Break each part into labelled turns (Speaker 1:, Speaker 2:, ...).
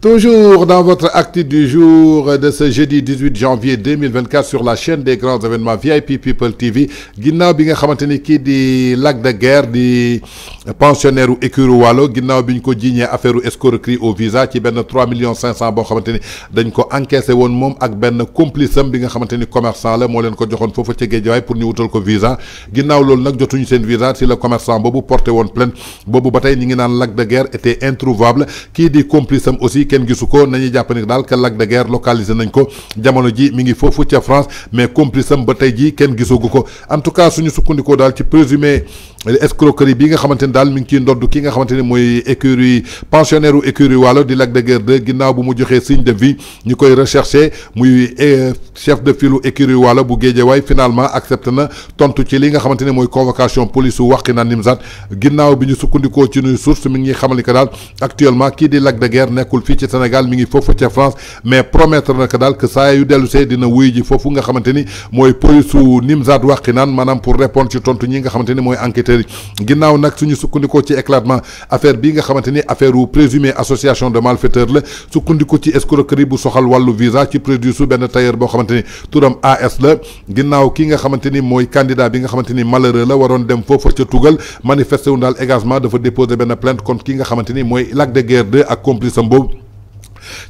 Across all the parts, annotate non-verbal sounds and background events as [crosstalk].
Speaker 1: Toujours dans votre actif du jour de ce jeudi 18 janvier 2024 sur la chaîne des grands événements VIP People TV Guinna, bi nga dit Lac de guerre di pensionnaire ou écureuil Walo ginnaw biñ ko jiiñee affaire escroquerie au visa ci ben 3 millions cinq cent boo dañ ko encaissé won mom ak ben complice un bi nga xamanteni commerçant la mo len ko joxoon fofu ci pour ñu wutal ko visa ginnaw lool nag jotuñu sen visa si le commerçant bobo porté won plainte bobo batay ñi ngi nan Lac de guerre était introuvable qui di complice aussi ken gisuko nañu nañuy dal ni que Lac de guerre localisé nañ ko jamono ji mi ngi fofu ci France mais complice un bataille dit ji ken gisagu en tout cas suñu sukuniko dal ci présumé escroquerie bi nga xamanteni dal mi ngi ndoddu ki nga xamanteni moy écurie pensionnaire ou écurie wala di Lac de guerre 2 ginnaw bu mu joxee signe de vie ñukoy recherché muy eh, chef de file écurie wala bu way finalement accepté na tontu ci li nga xamanteni moy convocation police su nimzat ginnaw bi ñu sukkandikoo ci nuy source mi ngi xamali ka dal actuellement ki di Lac de guerre nekul fi ci Sénégal mi ngi fofu ci France mais promettre na que daal que saa yu dellu sé dina wuy ji fofu nga xamanteni moy police nimzat Nimzatt manam pour répondre ci tontu ñi nga xamanteni moy enquêteur ginnaw nak suñu sukkandikoo ci éclatement affaire bi nga affaire wu présumé association de malfaiteurs la sukkandiku ci escroquerie bu soxal wàllu visa ci produit su benn tailleur boo xamante ni turam AS la ginnaaw ki nga xamante ni candidat bi nga xamante malheureux la waroon dem foofa ca tugal manifesté wu daal également dafa déposé benn plainte contre ki nga xamante ni mooy Lac de guerre 2 ak complice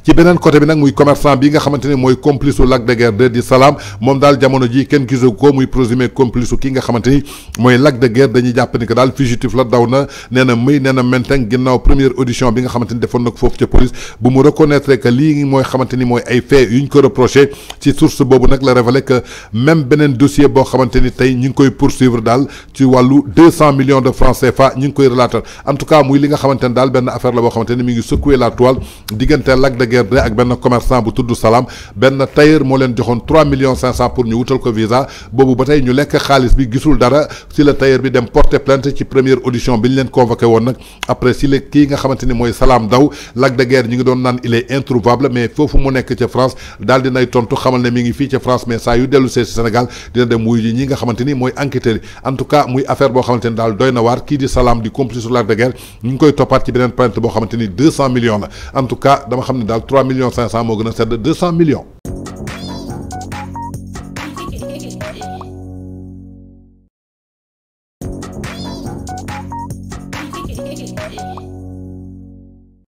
Speaker 1: ci benen côté bi nak muy commerçant bi nga xamante moy complice au Lac de guerre de di Salam mom dal jamono ji ken gisu ko muy présumé complice ki nga xamante moy Lac de guerre dañuy japp ni que dal fugitif la dawna na nee na muy nee na première audition bi nga xamante defon nak fofu ci police bu mu reconnaître que li moy xamante moy ay fait yuñ ko reproché ci source bobu nak la révélé que même benen dossier bo xamante tay tey ngi koy poursuivre dal. ci walu 200 millions de francs CFA ñu ngi koy relater en tout cas muy li nga xamante dal. ben affaire la bo xamante mi ngi secouer la toile digënté Lac Lac de guerre ak ben commerçant bu tuddu Salam ben tailleur mo len joxone 3 millions 500 pour ñu wutal ko visa bobu batay ñu lek xaliss bi gisul dara si le tailleur bi dem porter plainte ci première audition bi ñu leen convoqué woon après si le ki nga xamanteni moy Salam daw Lac de guerre ñu ngi don nan il est introuvable mais fofu mu nek ci France dal di tontu xamal ne mi ngi fi ci France mais saa yu delu ci senegal Sénégal dina dem muy ñi nga xamanteni moy enquêteur en tout cas muy affaire bo xamanteni dal doyna war ki di Salam di complice sur Lac de guerre ñu koy toppaat ci benen plainte bo xamanteni 200 millions en tout cas dama donc 3 millions 500 mo gëna a 200 millions. [laughs]